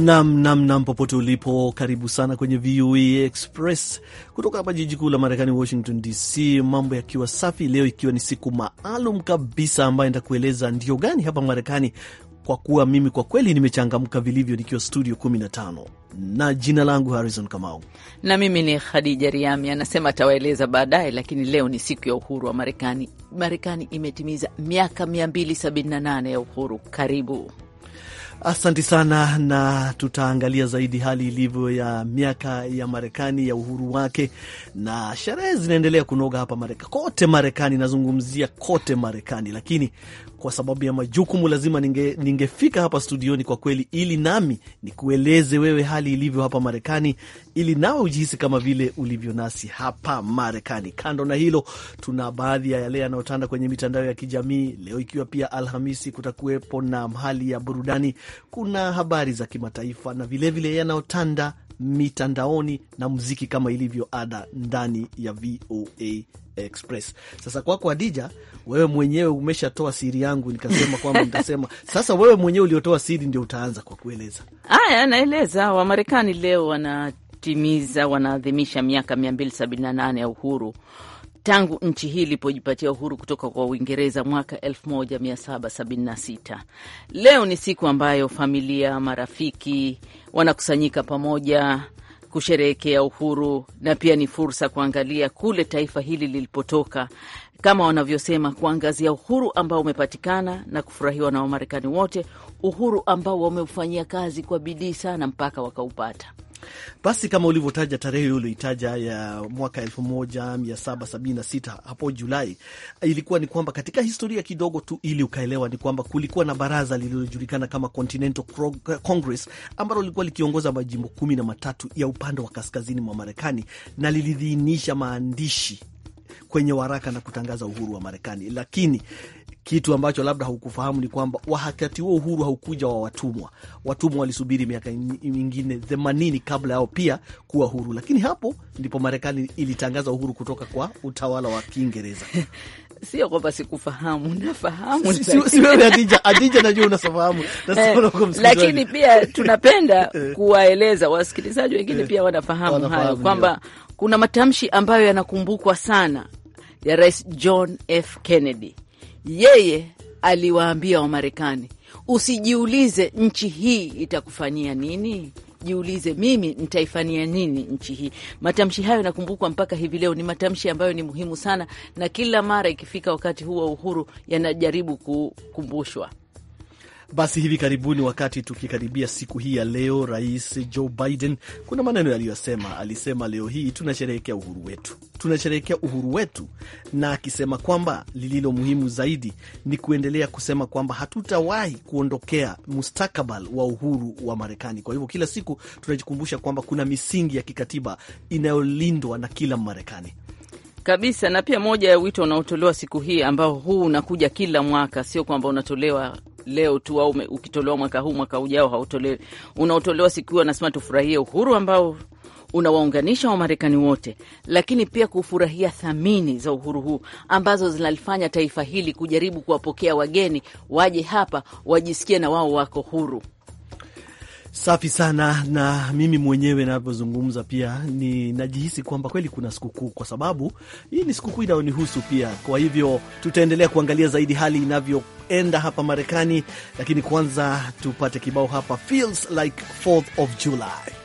Nam nam nam, popote ulipo, karibu sana kwenye VOA Express kutoka hapa jiji kuu la Marekani, Washington DC. Mambo yakiwa safi leo, ikiwa ni siku maalum kabisa ambayo nitakueleza ndio gani hapa Marekani, kwa kuwa mimi kwa kweli nimechangamka vilivyo nikiwa studio 15 na jina langu Harrison Kamau, na mimi ni Khadija Riami. Anasema atawaeleza baadaye, lakini leo ni siku ya uhuru wa Marekani. Marekani imetimiza miaka 278 ya uhuru. Karibu asanti sana, na tutaangalia zaidi hali ilivyo ya miaka ya Marekani ya uhuru wake, na sherehe zinaendelea kunoga hapa Marekani, kote Marekani, nazungumzia kote Marekani, lakini kwa sababu ya majukumu lazima ninge, ningefika hapa studioni kwa kweli, ili nami nikueleze wewe hali ilivyo hapa Marekani, ili nawe ujihisi kama vile ulivyo nasi hapa Marekani. Kando na hilo, tuna baadhi ya yale yanayotanda kwenye mitandao ya kijamii leo, ikiwa pia Alhamisi, kutakuwepo na hali ya burudani, kuna habari za kimataifa na vilevile yanayotanda mitandaoni na muziki kama ilivyo ada ndani ya VOA Express. Sasa kwako kwa Adija, wewe mwenyewe umeshatoa siri yangu, nikasema kwamba nitasema sasa. Wewe mwenyewe uliotoa siri ndio utaanza kwa kueleza haya. Naeleza Wamarekani leo wanatimiza, wanaadhimisha miaka 278 ya uhuru tangu nchi hii ilipojipatia uhuru kutoka kwa Uingereza mwaka 1776. Leo ni siku ambayo familia, marafiki wanakusanyika pamoja kusherehekea uhuru na pia ni fursa kuangalia kule taifa hili lilipotoka, kama wanavyosema kuangazia uhuru ambao umepatikana na kufurahiwa na Wamarekani wote, uhuru ambao wameufanyia kazi kwa bidii sana mpaka wakaupata. Basi kama ulivyotaja tarehe hiyo ulioitaja ya mwaka 1776 hapo Julai, ilikuwa ni kwamba katika historia kidogo tu ili ukaelewa, ni kwamba kulikuwa na baraza lililojulikana kama Continental Congress ambalo lilikuwa likiongoza majimbo kumi na matatu ya upande wa kaskazini mwa Marekani na lilidhiinisha maandishi kwenye waraka na kutangaza uhuru wa Marekani, lakini kitu ambacho labda haukufahamu ni kwamba wakati huo uhuru haukuja wa watumwa. Watumwa walisubiri miaka mingine themanini kabla yao pia kuwa huru, lakini hapo ndipo Marekani ilitangaza uhuru kutoka kwa utawala wa Kiingereza. Sio kwamba sikufahamu, nafahamu. Adija, najua unafahamu, eh, lakini pia tunapenda eh. kuwaeleza wasikilizaji wengine eh. pia wanafahamu hayo kwamba kuna matamshi ambayo yanakumbukwa sana ya Rais John F Kennedy. Yeye aliwaambia Wamarekani, usijiulize nchi hii itakufanyia nini Jiulize mimi nitaifanyia nini nchi hii. Matamshi hayo nakumbukwa mpaka hivi leo, ni matamshi ambayo ni muhimu sana, na kila mara ikifika wakati huu wa uhuru yanajaribu kukumbushwa. Basi hivi karibuni, wakati tukikaribia siku hii ya leo, Rais Joe Biden kuna maneno yaliyosema. Alisema leo hii tunasherehekea uhuru wetu, tunasherehekea uhuru wetu, na akisema kwamba lililo muhimu zaidi ni kuendelea kusema kwamba hatutawahi kuondokea mustakabali wa uhuru wa Marekani. Kwa hivyo kila siku tunajikumbusha kwamba kuna misingi ya kikatiba inayolindwa na kila Marekani kabisa na pia moja ya wito unaotolewa siku hii ambao huu unakuja kila mwaka, sio kwamba unatolewa leo tu, au ukitolewa mwaka huu mwaka ujao hautolewi, unaotolewa siku hiyo. Anasema tufurahie uhuru ambao unawaunganisha Wamarekani wote, lakini pia kufurahia thamini za uhuru huu ambazo zinalifanya taifa hili kujaribu kuwapokea wageni waje hapa wajisikie na wao wako huru. Safi sana. Na mimi mwenyewe navyozungumza pia ninajihisi kwamba kweli kuna sikukuu, kwa sababu hii ni sikukuu inayonihusu pia. Kwa hivyo tutaendelea kuangalia zaidi hali inavyoenda hapa Marekani, lakini kwanza tupate kibao hapa, feels like 4th of July.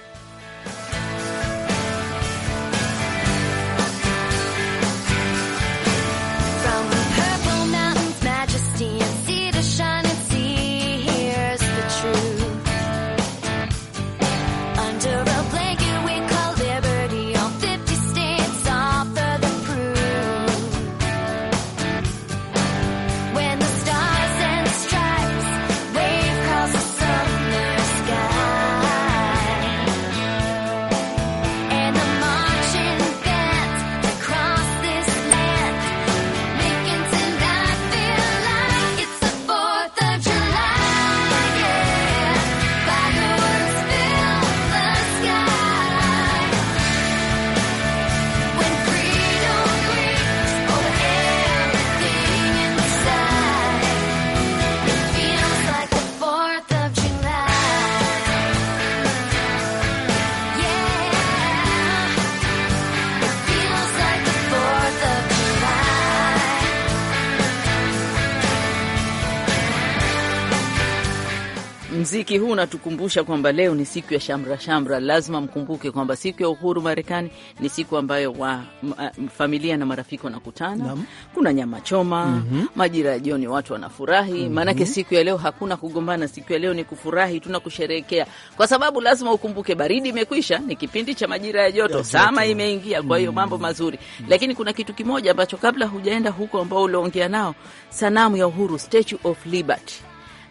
muziki huu unatukumbusha kwamba leo ni siku ya shamra shamra. Lazima mkumbuke kwamba siku ya uhuru Marekani ni siku ambayo wa, m, familia na marafiki wanakutana kuna nyama choma mm -hmm. majira ya jioni watu wanafurahi mhm. maanake mm -hmm. siku ya leo hakuna kugombana, siku ya leo ni kufurahi, tuna kusherehekea, kwa sababu lazima ukumbuke baridi imekwisha, ni kipindi cha majira ya joto, sama imeingia, kwa hiyo mm. mambo mazuri mm -hmm. lakini kuna kitu kimoja ambacho kabla hujaenda huko, ambao uliongea nao, sanamu ya uhuru, Statue of Liberty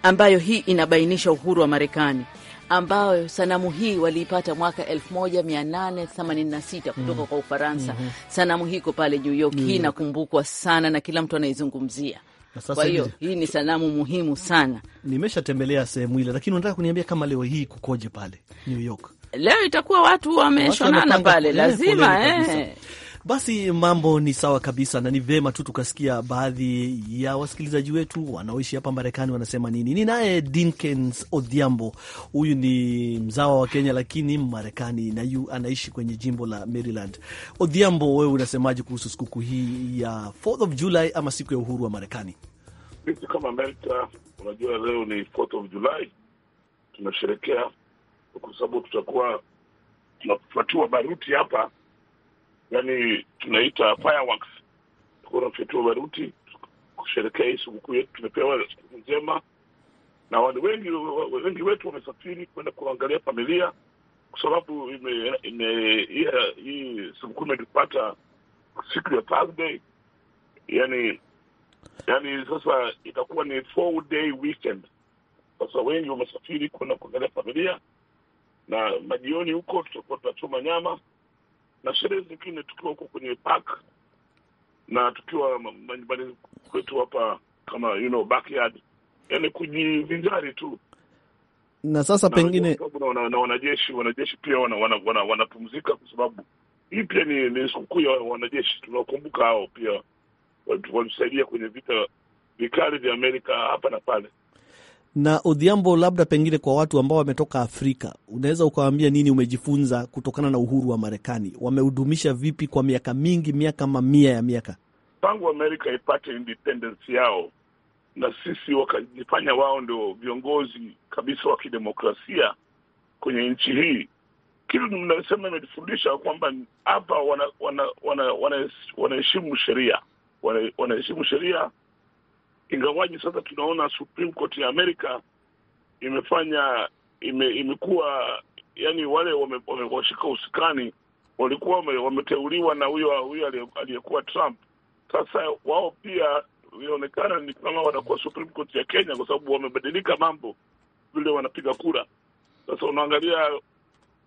ambayo hii inabainisha uhuru wa Marekani ambayo sanamu hii waliipata mwaka 1886 kutoka mm. kwa Ufaransa. mm -hmm. Sanamu hii iko pale New York. Hii mm. inakumbukwa sana na kila mtu anaizungumzia. Kwa hiyo hii ni sanamu muhimu sana. Nimeshatembelea sehemu ile, lakini unataka kuniambia kama leo hii kukoje pale New York? Leo itakuwa watu wameshonana pale, eh, lazima eh. Basi mambo ni sawa kabisa, na ni vema tu tukasikia baadhi ya wasikilizaji wetu wanaoishi hapa Marekani wanasema nini. Ni naye Dinkins Odhiambo, huyu ni mzawa wa Kenya lakini Marekani na yu anaishi kwenye jimbo la Maryland. Odhiambo, wewe unasemaje kuhusu sikukuu hii ya 4th of July ama siku ya uhuru wa Marekani? Vitu kama Amerika, unajua leo ni 4th of July tunasherekea kwa sababu tutakuwa tunafatua baruti hapa yani tunaita fireworks tunafyatua baruti kusherekea hii sikukuu yetu. Tumepewa sikukuu njema na wale wengi wengi wetu wamesafiri kwenda kuangalia familia, kwa sababu hii sikukuu imetupata siku ya Thursday, yani yani sasa itakuwa ni four day weekend. Sasa wengi wamesafiri kwenda kuangalia familia, na majioni huko tutakuwa tunachoma nyama na sherehe zingine tukiwa huko kwenye park na tukiwa manyumbani kwetu hapa kama you know, backyard, yani kujivinjari tu. Na sasa na pengine na wanajeshi wanajeshi pia wanapumzika wana, wana, wana kwa sababu hii pia ni, ni sikukuu ya wanajeshi. Tunakumbuka hao pia walitusaidia kwenye vita vikali vya Amerika hapa na pale. Na Odhiambo, labda pengine kwa watu ambao wametoka Afrika, unaweza ukawaambia nini umejifunza kutokana na uhuru wa Marekani? Wamehudumisha vipi kwa miaka mingi, miaka mamia ya miaka tangu Amerika ipate independence yao, na sisi wakajifanya wao ndio viongozi kabisa wa kidemokrasia kwenye nchi hii. Kitu nasema imetufundisha kwamba hapa wanaheshimu wana, wana, wana, wana sheria wanaheshimu sheria ingawaji sasa tunaona Supreme Court ya Amerika imefanya ime, imekuwa yani wale wameshika wame usikani walikuwa wameteuliwa na huyo huyo aliyekuwa Trump. Sasa wao pia inaonekana ni kama wanakuwa Supreme Court ya Kenya kwa sababu wamebadilika mambo vile wanapiga kura. Sasa unaangalia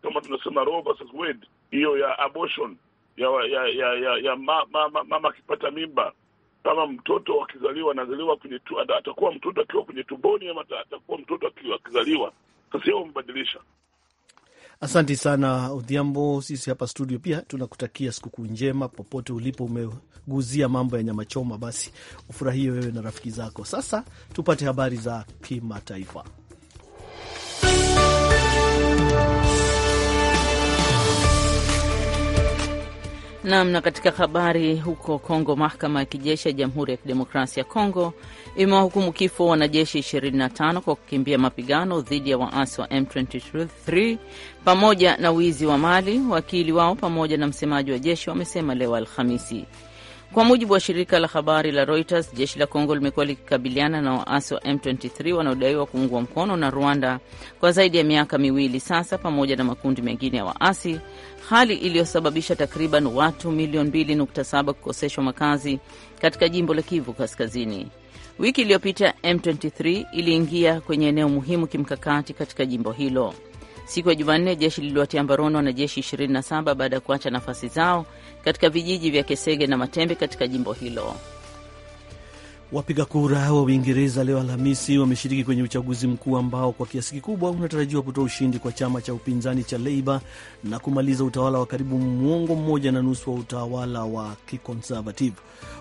kama tunasema Roe versus Wade, hiyo ya abortion ya ya ya, ya, ya ma, ma, ma, mama akipata mimba kama mtoto akizaliwa anazaliwa kwenye tu, atakuwa mtoto akiwa kwenye tumboni ama atakuwa mtoto akizaliwa. Sasa hiyo umebadilisha. Asanti sana udhiambo Sisi hapa studio pia tunakutakia sikukuu njema popote ulipo. Umeguzia mambo ya nyama choma, basi ufurahie wewe na rafiki zako. Sasa tupate habari za kimataifa. Namna katika habari huko Kongo, mahakama ya kijeshi ya Jamhuri ya Kidemokrasia ya Kongo imewahukumu kifo wanajeshi 25 kwa kukimbia mapigano dhidi ya waasi wa M23 pamoja na wizi wa mali. Wakili wao pamoja na msemaji wa jeshi wamesema leo Alhamisi kwa mujibu wa shirika la habari la Reuters, jeshi la Kongo limekuwa likikabiliana na waasi wa M23 wanaodaiwa kuungwa mkono na Rwanda kwa zaidi ya miaka miwili sasa, pamoja na makundi mengine ya waasi, hali iliyosababisha takriban watu milioni 2.7 kukoseshwa makazi katika jimbo la Kivu Kaskazini. Wiki iliyopita M23 iliingia kwenye eneo muhimu kimkakati katika jimbo hilo. Siku ya Jumanne, jeshi liliwatia mbaroni wanajeshi 27 baada ya kuacha nafasi zao katika vijiji vya Kesege na Matembe katika jimbo hilo. Wapiga kura wa Uingereza leo Alhamisi wameshiriki kwenye uchaguzi mkuu ambao kwa kiasi kikubwa unatarajiwa kutoa ushindi kwa chama cha upinzani cha Leiba na kumaliza utawala wa karibu mwongo mmoja na nusu wa utawala wa kiconservative.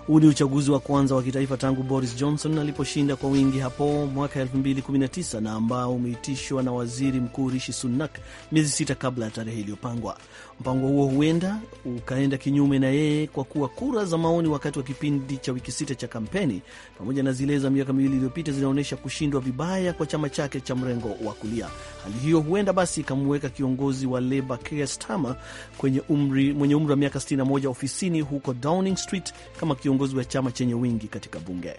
Huu ni uchaguzi wa kwanza wa kitaifa tangu Boris Johnson aliposhinda kwa wingi hapo mwaka 2019 na ambao umeitishwa na waziri mkuu Rishi Sunak miezi sita kabla ya tarehe iliyopangwa. Mpango huo huenda ukaenda kinyume na yeye kwa kuwa kura za maoni wakati wa kipindi cha wiki sita cha kampeni pamoja na zile za miaka miwili iliyopita zinaonyesha kushindwa vibaya kwa chama chake cha mrengo wa kulia. Hali hiyo huenda basi ikamweka kiongozi wa Leba Keir Starmer kwenye umri, mwenye umri wa miaka 61 ofisini huko Downing Street kama kiongozi wa chama chenye wingi katika bunge.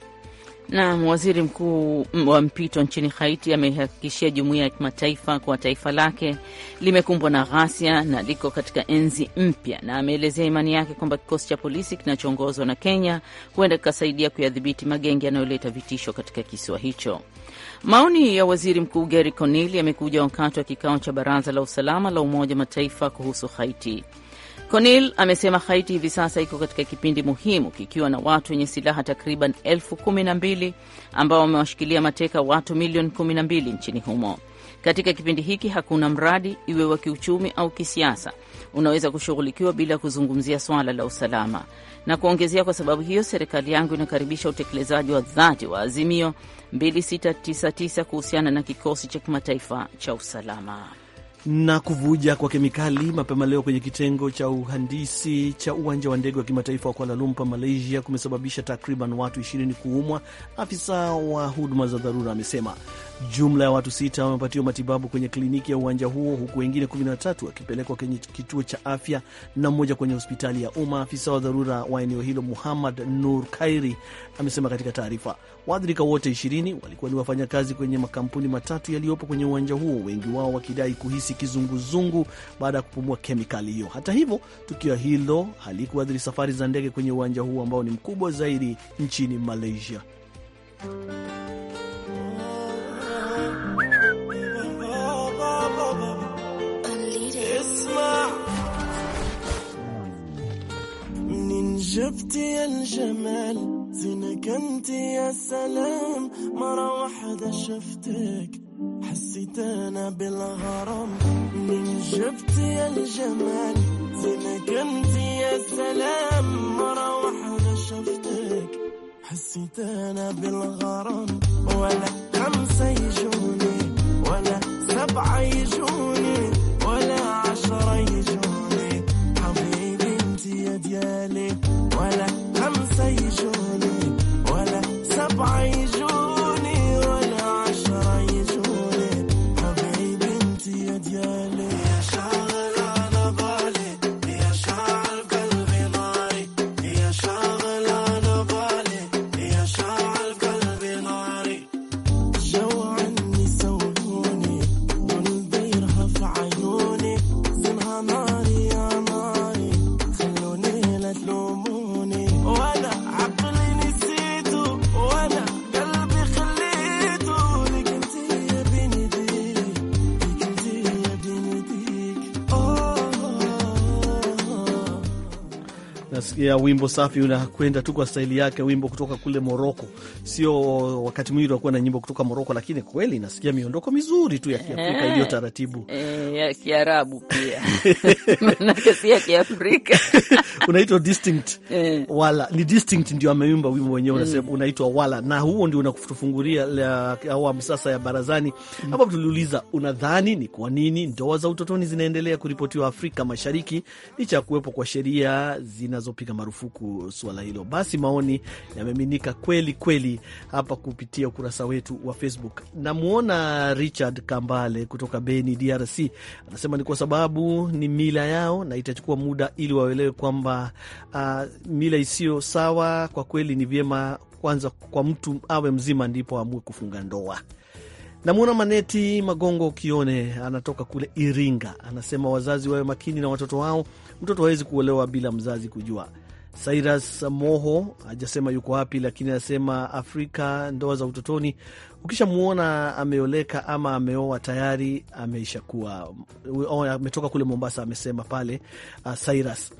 Naam, waziri mkuu wa mpito nchini Haiti amehakikishia jumuiya ya kimataifa kuwa taifa lake limekumbwa na ghasia na liko katika enzi mpya, na ameelezea imani yake kwamba kikosi cha polisi kinachoongozwa na Kenya huenda kikasaidia kuyadhibiti magenge yanayoleta vitisho katika kisiwa hicho. Maoni ya waziri mkuu Gary Conil yamekuja wakati wa kikao cha baraza la usalama la Umoja wa Mataifa kuhusu Haiti. Conil amesema Haiti hivi sasa iko katika kipindi muhimu kikiwa na watu wenye silaha takriban elfu kumi na mbili ambao wamewashikilia mateka watu milioni kumi na mbili nchini humo. Katika kipindi hiki hakuna mradi iwe wa kiuchumi au kisiasa unaweza kushughulikiwa bila kuzungumzia swala la usalama, na kuongezea, kwa sababu hiyo serikali yangu inakaribisha utekelezaji wa dhati wa azimio 2699 kuhusiana na kikosi cha kimataifa cha usalama na kuvuja kwa kemikali mapema leo kwenye kitengo cha uhandisi cha uwanja wa ndege wa kimataifa wa Kuala Lumpur, Malaysia, kumesababisha takriban watu 20 kuumwa, afisa wa huduma za dharura amesema. Jumla ya watu sita wamepatiwa matibabu kwenye kliniki ya uwanja huo huku wengine 13 wakipelekwa kwenye kituo cha afya na mmoja kwenye hospitali ya umma. Afisa wa dharura wa eneo hilo Muhammad Nur Kairi amesema katika taarifa, waathirika wote 20 walikuwa ni wafanyakazi kwenye makampuni matatu yaliyopo kwenye uwanja huo, wengi wao wakidai kuhisi kizunguzungu baada ya kupumua kemikali hiyo. Hata hivyo, tukio hilo halikuathiri safari za ndege kwenye uwanja huo ambao ni mkubwa zaidi nchini Malaysia. شفت يا الجمال زينك انت يا سلام مرة واحدة شفتك حسيت انا بالغرام من جبتي يا الجمال زينك انت يا سلام مرة واحدة شفتك حسيت انا بالغرام ولا خمسة يجوني ولا سبعة يجوني ولا عشرة يجوني ديالي ولا خمسة يجوني ولا سبعة يجوني ya wimbo safi unakwenda tu kwa staili yake, wimbo kutoka kule Moroko. Sio wakati mwingi unakuwa na nyimbo kutoka Moroko, lakini kweli nasikia miondoko mizuri tu ya Kiafrika iliyo taratibu. Eh, eh ya Kiarabu pia manake si ya Kiafrika unaitwa distinct yeah. Wala ni distinct ndio ameimba wimbo wenyewe mm. unasema mm. unaitwa Wala, na huo ndio unakufungulia awamu sasa ya barazani mm. ambapo tuliuliza, unadhani ni kwa nini ndoa za utotoni zinaendelea kuripotiwa Afrika Mashariki licha ya kuwepo kwa sheria zinazopiga marufuku suala hilo? Basi maoni yameminika kweli kweli hapa kupitia ukurasa wetu wa Facebook. Namwona Richard Kambale kutoka Beni, DRC Anasema ni kwa sababu ni mila yao na itachukua muda ili waelewe kwamba uh, mila isiyo sawa. Kwa kweli ni vyema kwanza kwa mtu awe mzima ndipo aamue kufunga ndoa. Namwona Maneti Magongo Kione anatoka kule Iringa, anasema wazazi wawe makini na watoto wao. Mtoto hawezi kuolewa bila mzazi kujua. Cyrus Moho hajasema yuko wapi, lakini anasema Afrika ndoa za utotoni, ukishamwona ameoleka ama ameoa tayari ameisha kuwa oh, ametoka kule Mombasa, amesema pale uh, Cyrus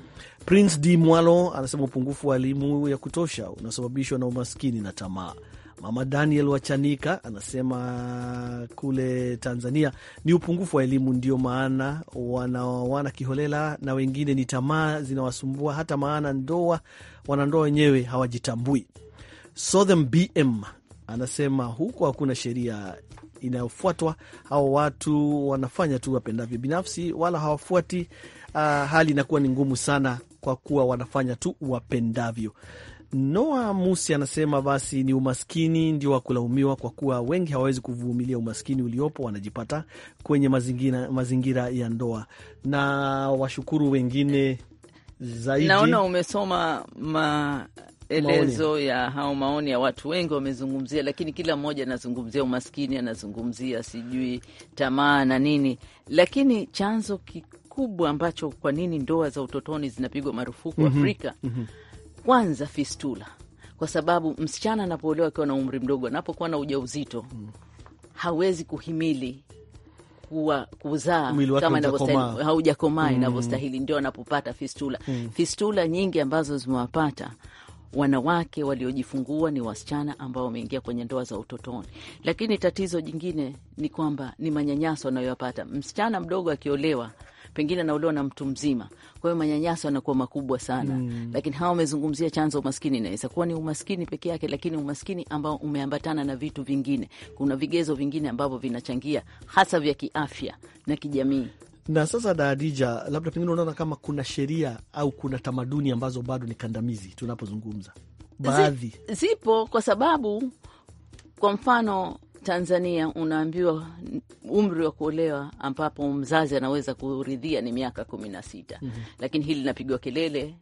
Prince D Mwalo anasema upungufu wa elimu ya kutosha unaosababishwa na umaskini na tamaa Mama Daniel Wachanika anasema kule Tanzania ni upungufu wa elimu ndio maana wanaoana kiholela, na wengine ni tamaa zinawasumbua, hata maana ndoa wanandoa wenyewe hawajitambui. Sothem BM anasema huko hakuna sheria inayofuatwa, hao watu wanafanya tu wapendavyo binafsi, wala hawafuati. Uh, hali inakuwa ni ngumu sana kwa kuwa wanafanya tu wapendavyo. Noa Musi anasema basi ni umaskini ndio wa kulaumiwa kwa kuwa wengi hawawezi kuvumilia umaskini uliopo, wanajipata kwenye mazingira, mazingira ya ndoa na washukuru wengine zaidi. Naona umesoma ma elezo maoni ya hao maoni ya watu wengi wamezungumzia, lakini kila mmoja anazungumzia umaskini, anazungumzia sijui tamaa na nini, lakini chanzo kikubwa ambacho kwa nini ndoa za utotoni zinapigwa marufuku mm -hmm. Afrika mm -hmm kwanza fistula, kwa sababu msichana anapoolewa akiwa na umri mdogo, anapokuwa na ujauzito hawezi kuhimili kuwa kuzaa kama inavyostahili, haujakomaa mm. inavyostahili, ndio anapopata fistula. Mm. Fistula nyingi ambazo zimewapata wanawake waliojifungua ni wasichana ambao wameingia kwenye ndoa za utotoni. Lakini tatizo jingine ni kwamba ni manyanyaso anayoyapata msichana mdogo akiolewa pengine anauliwa na mtu mzima, kwa hiyo manyanyaso yanakuwa makubwa sana mm. Lakini hawa wamezungumzia chanzo umaskini, inaweza kuwa ni umaskini peke yake, lakini umaskini ambao umeambatana na vitu vingine. Kuna vigezo vingine ambavyo vinachangia hasa vya kiafya na kijamii na sasa Daadija, labda pengine unaona kama kuna sheria au kuna tamaduni ambazo bado ni kandamizi tunapozungumza baadhi? Zipo, kwa sababu kwa mfano Tanzania unaambiwa umri wa kuolewa ambapo mzazi anaweza kuridhia ni miaka kumi na sita mm -hmm. Lakini hili linapigwa kelele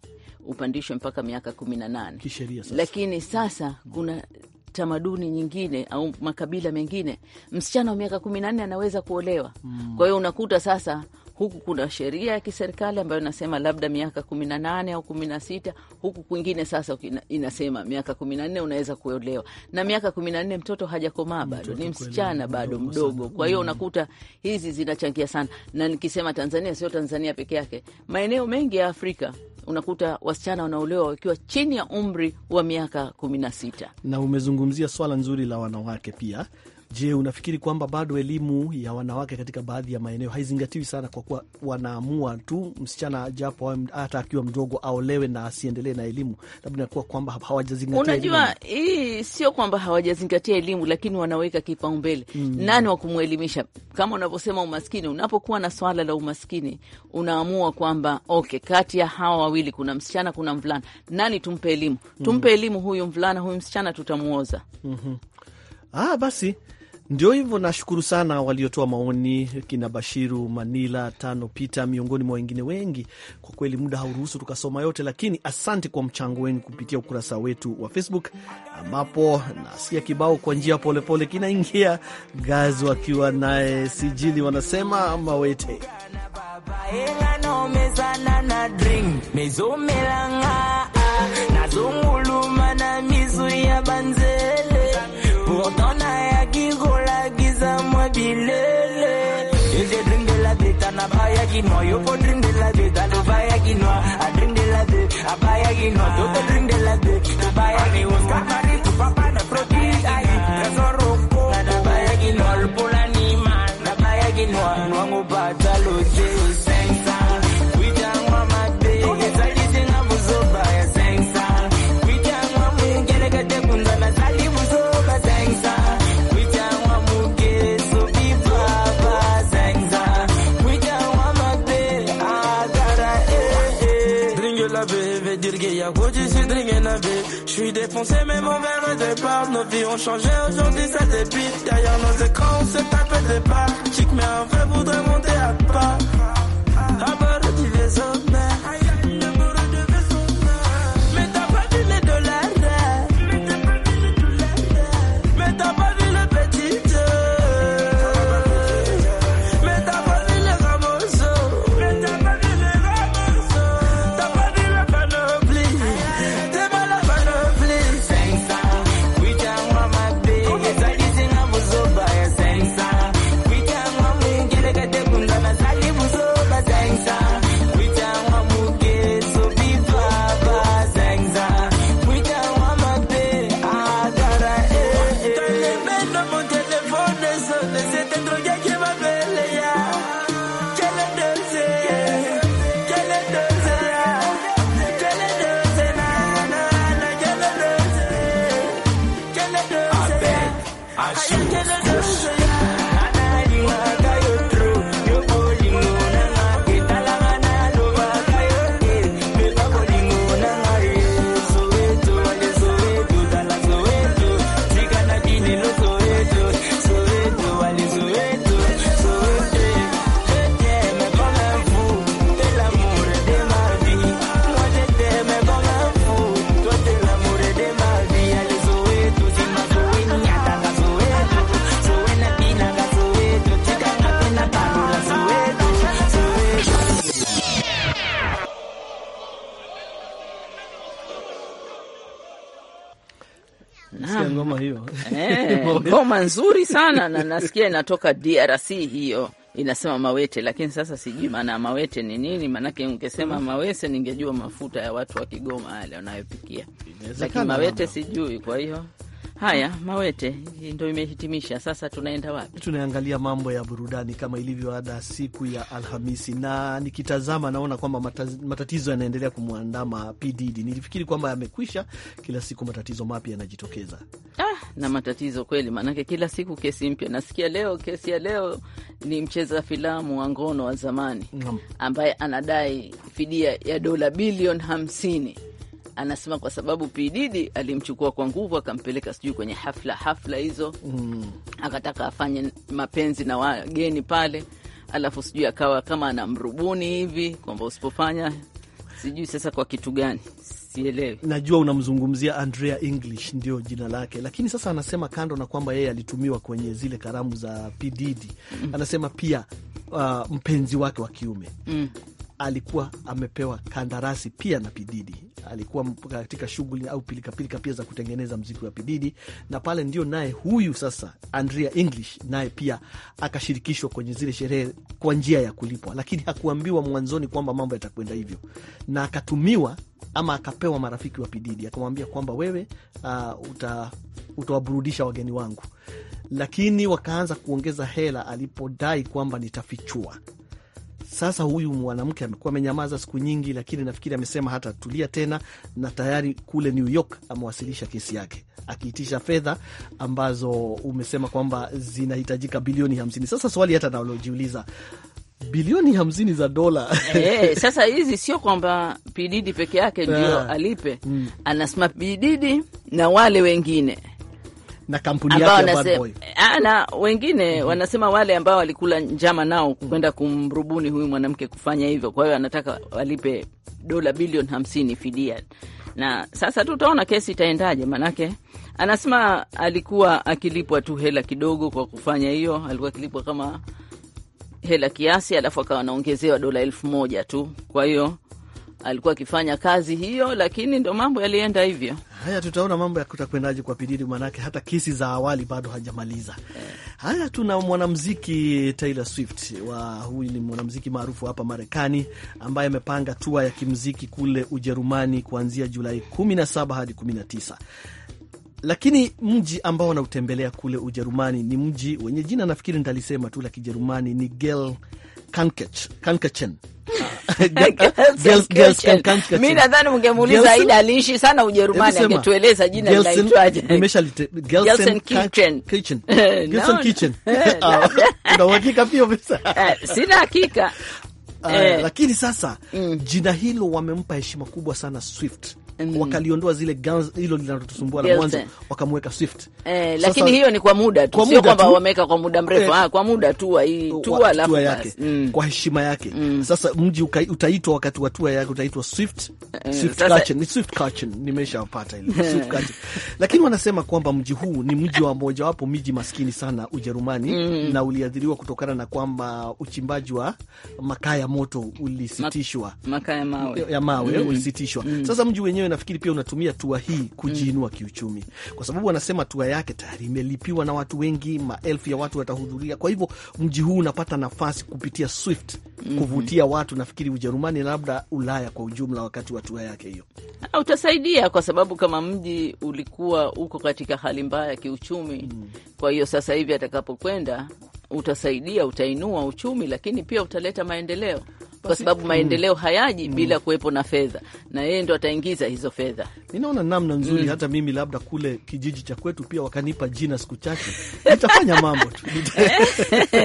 upandishwe mpaka miaka kumi na nane kisheria sasa. Lakini sasa kuna tamaduni nyingine au makabila mengine, msichana wa miaka kumi na nne anaweza kuolewa mm. Kwa hiyo unakuta sasa huku kuna sheria ya kiserikali ambayo inasema labda miaka kumi na nane au kumi na sita huku kwingine sasa inasema miaka kumi na nne unaweza kuolewa, na miaka kumi na nne mtoto hajakomaa bado, ni msichana bado mdogo. Kwa hiyo mm. unakuta hizi zinachangia sana, na nikisema Tanzania sio Tanzania peke yake, maeneo mengi ya Afrika unakuta wasichana wanaolewa wakiwa chini ya umri wa miaka kumi na sita. Na umezungumzia swala nzuri la wanawake pia Je, unafikiri kwamba bado elimu ya wanawake katika baadhi ya maeneo haizingatiwi sana, kwa kuwa wanaamua tu msichana japo hata akiwa mdogo aolewe na asiendelee na elimu, labda inakuwa kwamba hawajazingatia. Unajua, hii sio kwamba hawajazingatia elimu, lakini wanaweka kipaumbele mm. nani wa kumwelimisha. Kama unavyosema umaskini, unapokuwa na swala la umaskini unaamua kwamba okay, kati ya hawa wawili kuna msichana, kuna mvulana, nani tumpe elimu? Mm. Tumpe elimu huyu mvulana, huyu msichana tutamuoza. mm -hmm. Ah, basi ndio hivyo, nashukuru sana waliotoa maoni, kina Bashiru Manila tano Pita, miongoni mwa wengine wengi. Kwa kweli muda hauruhusu tukasoma yote, lakini asante kwa mchango wenu kupitia ukurasa wetu wa Facebook, ambapo nasikia kibao kwa njia polepole kinaingia Gazi wakiwa naye Sijili wanasema mawete kilele. drink de la beta, na baya quinoa. Yo po drink de la beta, no baya quinoa. I drink de la beta, a baya quinoa. Yo po drink de la beta. suis défoncé, mais mon verre est départ. Nos vies ont changé, aujourd'hui ça dépite. Derrière nos écrans, on se tape le départ. Chic, mais un vrai voudrait monter à part. ngoma nzuri sana na nasikia inatoka DRC hiyo inasema mawete, lakini sasa sijui maana ya mawete ni nini. Maanake ungesema mawese, ningejua mafuta ya watu wa Kigoma yale wanayopikia, lakini mawete sijui. Kwa hiyo Haya, Mawete, ndo imehitimisha. Sasa tunaenda wapi? Tunaangalia mambo ya burudani kama ilivyo ada siku ya Alhamisi, na nikitazama naona kwamba matatizo yanaendelea kumwandama pdd Nilifikiri kwamba yamekwisha, kila siku matatizo mapya yanajitokeza. Ah, na matatizo kweli, maanake kila siku kesi mpya. Nasikia leo kesi ya leo ni mcheza filamu wa ngono wa zamani ambaye anadai fidia ya dola bilioni hamsini anasema kwa sababu Pididi alimchukua kwa nguvu akampeleka sijui kwenye hafla hafla hizo mm. akataka afanye mapenzi na wageni pale, alafu sijui akawa kama anamrubuni hivi kwamba usipofanya sijui sasa kwa kitu gani sielewi. Najua unamzungumzia Andrea English, ndio jina lake, lakini sasa anasema kando na kwamba yeye alitumiwa kwenye zile karamu za Pididi mm. anasema pia uh, mpenzi wake wa kiume mm alikuwa amepewa kandarasi pia na Pididi. Alikuwa katika shughuli au pilikapilika pia za kutengeneza mziki wa Pididi, na pale ndio naye huyu sasa Andrea English naye pia akashirikishwa kwenye zile sherehe kwa njia ya kulipwa, lakini hakuambiwa mwanzoni kwamba mambo yatakwenda hivyo, na akatumiwa ama akapewa marafiki wa Pididi, akamwambia kwamba wewe, uh, uta, utawaburudisha wageni wangu, lakini wakaanza kuongeza hela alipodai kwamba nitafichua sasa huyu mwanamke amekuwa amenyamaza siku nyingi, lakini nafikiri amesema hata tulia tena, na tayari kule New York amewasilisha kesi yake akiitisha fedha ambazo umesema kwamba zinahitajika bilioni hamsini. Sasa swali hata nalojiuliza bilioni hamsini za dola e, sasa hizi sio kwamba Pididi peke yake ndio eh, alipe, mm. anasema Pididi na wale wengine na kampuni yake ya Boy. Ah, na wengine mm -hmm. wanasema wale ambao walikula njama nao kwenda kumrubuni huyu mwanamke kufanya hivyo, kwa hiyo anataka walipe dola bilioni hamsini fidia. Na sasa tutaona kesi itaendaje, manake anasema alikuwa akilipwa tu hela kidogo kwa kufanya hiyo, alikuwa akilipwa kama hela kiasi, alafu akawa anaongezewa dola elfu moja tu, kwa hiyo alikuwa akifanya kazi hiyo, lakini ndo mambo yalienda hivyo. Haya, tutaona mambo yakutakwendaje kwa Pididi, maanake hata kesi za awali bado hajamaliza. Haya, tuna mwanamziki Taylor Swift wa huyu ni mwanamziki maarufu hapa Marekani ambaye amepanga tua ya kimziki kule Ujerumani kuanzia Julai 17 hadi 19 lakini mji ambao wanautembelea kule Ujerumani ni mji wenye jina nafikiri ndalisema tu la Kijerumani ni Gel Kankech, Kankechin mi nadhani ungemuuliza Aida aliishi sana Ujerumani, yaani angetueleza jina linaitwaje. Una ah, uhakika pia? Eh, sina hakika, eh, eh. lakini sasa mm. jina hilo wamempa heshima kubwa sana Swift mm. wakaliondoa zile guns, hilo linalotusumbua la mwanzo, wakamweka Swift eh, lakini hiyo ni kwa muda tu, sio kwamba wameweka kwa muda mrefu eh, ah, kwa muda tu wa hii tua la yake mm. kwa heshima yake mm. Sasa mji utaitwa wakati wa tua yake utaitwa Swift eh, Swift Kachen ni Swift Curtain, nimeshapata ile Swift Kachen lakini wanasema kwamba mji huu ni mji wa moja wapo miji maskini sana Ujerumani mm. na uliathiriwa kutokana na kwamba uchimbaji wa makaa ya moto ulisitishwa, makaa ya mawe, ya mawe mm. ulisitishwa mm. Sasa mji wenyewe mwenyewe nafikiri pia unatumia tua hii kujiinua kiuchumi, kwa sababu anasema tua yake tayari imelipiwa na watu wengi, maelfu ya watu watahudhuria. Kwa hivyo mji huu unapata nafasi kupitia Swift kuvutia mhm. watu, nafikiri Ujerumani na labda Ulaya kwa ujumla, wakati wa tua yake hiyo utasaidia, kwa sababu kama mji ulikuwa uko katika hali mbaya kiuchumi, mm. kwa hiyo sasa hivi atakapokwenda utasaidia, utainua uchumi, lakini pia utaleta maendeleo kwa sababu maendeleo mm. hayaji mm, bila kuwepo na fedha, na yeye ndo ataingiza hizo fedha. Ninaona namna nzuri mm. Hata mimi labda kule kijiji cha kwetu pia wakanipa jina siku chache, nitafanya mambo tu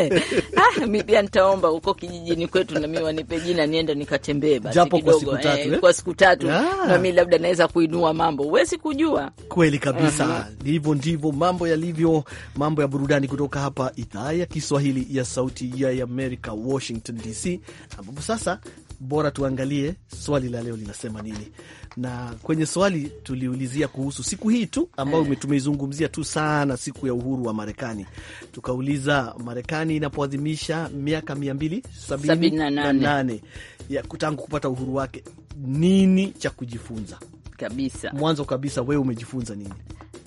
ah, mi pia nitaomba huko kijijini kwetu nami wanipe jina niende nikatembee basi japo kwa siku tatu, eh, eh, kwa siku tatu yeah. Nami labda naweza kuinua mambo, huwezi kujua kweli kabisa. uh -huh. Hivyo ndivyo mambo yalivyo, mambo ya burudani kutoka hapa idhaa ya Kiswahili ya Sauti ya Amerika, Washington DC ambapo sasa bora tuangalie swali la leo linasema nini, na kwenye swali tuliulizia kuhusu siku hii tu ambayo eh. tumeizungumzia tu sana, siku ya uhuru wa Marekani. Tukauliza, Marekani inapoadhimisha miaka mia mbili sabini na nane ya tangu kupata uhuru wake, nini cha kujifunza kabisa? Mwanzo kabisa, wewe umejifunza nini?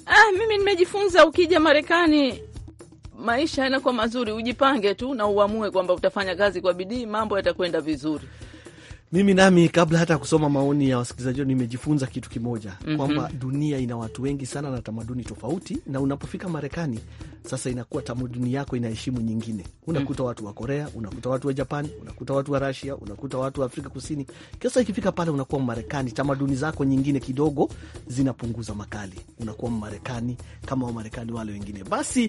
Ah, mimi nimejifunza, ukija Marekani maisha yanakuwa mazuri. Ujipange tu na uamue kwamba utafanya kazi kwa bidii, mambo yatakwenda vizuri. Mimi nami kabla hata kusoma maoni ya wasikilizaji nimejifunza kitu kimoja mm -hmm. kwamba dunia ina watu wengi sana na tamaduni tofauti, na unapofika Marekani sasa inakuwa tamaduni yako inaheshimu nyingine. Unakuta mm watu wa Korea, unakuta watu wa Japani, unakuta watu wa Rasia, unakuta watu wa Afrika Kusini. Kisa ikifika pale unakuwa Marekani, tamaduni zako nyingine kidogo zinapunguza makali, unakuwa Marekani kama Wamarekani wale wengine. Basi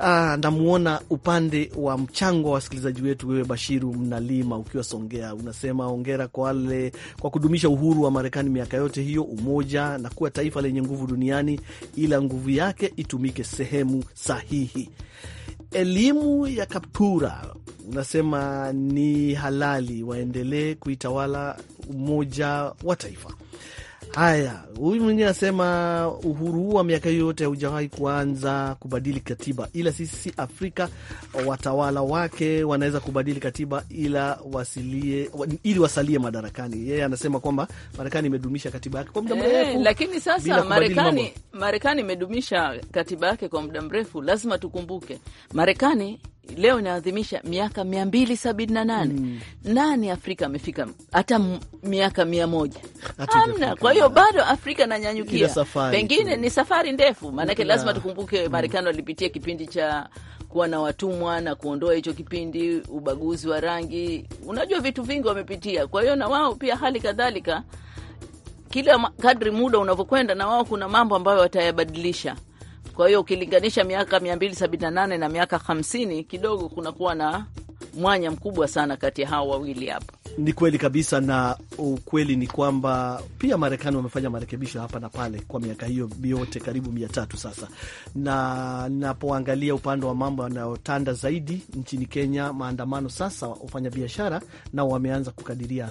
uh, ah, namuona upande wa mchango wa wasikilizaji wetu, wewe Bashiru Mnalima ukiwa Songea unasema ongera biashara kwa le, kwa kudumisha uhuru wa Marekani miaka yote hiyo, umoja na kuwa taifa lenye nguvu duniani, ila nguvu yake itumike sehemu sahihi. Elimu ya kaptura unasema ni halali, waendelee kuitawala umoja wa taifa. Haya, huyu mwingine anasema uhuru huu wa miaka yote haujawahi kuanza kubadili katiba, ila sisi Afrika watawala wake wanaweza kubadili katiba ila wasilie, ili wasalie madarakani. Yeye yeah, anasema kwamba Marekani imedumisha katiba yake kwa muda eh, mrefu lakini sasa Marekani Marekani imedumisha katiba yake kwa muda mrefu. Lazima tukumbuke Marekani leo inaadhimisha miaka mia mbili sabini na nane mm. Nani Afrika amefika hata miaka mia moja hamna. Kwa hiyo bado Afrika nanyanyukia, pengine ni safari ndefu, maanake lazima tukumbuke mm. Marekani walipitia kipindi cha kuwa na watumwa na kuondoa hicho kipindi, ubaguzi wa rangi, unajua vitu vingi wamepitia. Kwa hiyo na wao pia hali kadhalika, kila kadri muda unavyokwenda, na wao kuna mambo ambayo watayabadilisha kwa hiyo ukilinganisha miaka mia mbili sabini na miaka hamsini kidogo kunakuwa na mwanya mkubwa sana kati ya hao wawili hapo. Ni kweli kabisa, na ukweli ni kwamba pia Marekani wamefanya marekebisho hapa na pale kwa miaka hiyo yote karibu mia tatu sasa, na napoangalia upande wa mambo yanayotanda zaidi nchini Kenya, maandamano sasa, wafanya biashara nao wameanza kukadiria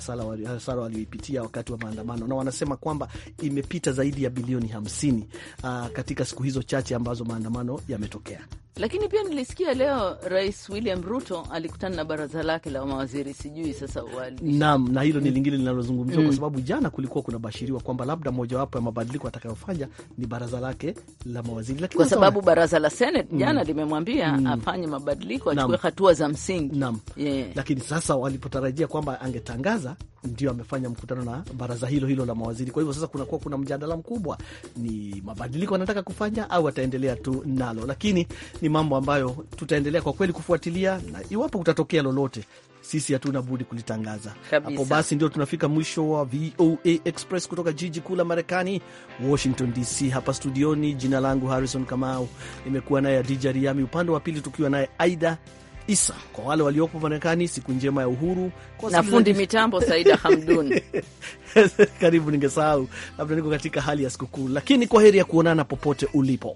hasara walioipitia wakati wa maandamano, na wanasema kwamba imepita zaidi ya bilioni hamsini ah, katika siku hizo chache ambazo maandamano yametokea. Lakini pia nilisikia leo Rais William Ruto alikutana na baraza lake la mawaziri, sijui sasa wali naam, na hilo ni lingine linalozungumziwa mm, kwa sababu jana kulikuwa kunabashiriwa kwamba labda mojawapo ya mabadiliko atakayofanya ni baraza lake la mawaziri, lakini kwa sababu wana... baraza la Senate mm. jana mm, limemwambia mm, afanye mabadiliko, achukue hatua za msingi naam, yeah. Lakini sasa walipotarajia kwamba angetangaza ndio amefanya mkutano na baraza hilo hilo la mawaziri. Kwa hivyo sasa kunakuwa kuna mjadala mkubwa, ni mabadiliko anataka kufanya au ataendelea tu nalo, lakini ni mambo ambayo tutaendelea kwa kweli kufuatilia, na iwapo kutatokea lolote sisi hatuna budi kulitangaza hapo. Basi ndio tunafika mwisho wa VOA Express kutoka jiji kuu la Marekani, Washington DC. Hapa studioni, jina langu Harrison Kamau, nimekuwa naye Adija Riami, upande wa pili tukiwa naye Aida Isa kwa wale waliopo Marekani, siku njema ya uhuru kwa na fundi mitambo Saida Hamdun. Karibu, ningesahau labda niko katika hali ya sikukuu, lakini kwa heri ya kuonana popote ulipo.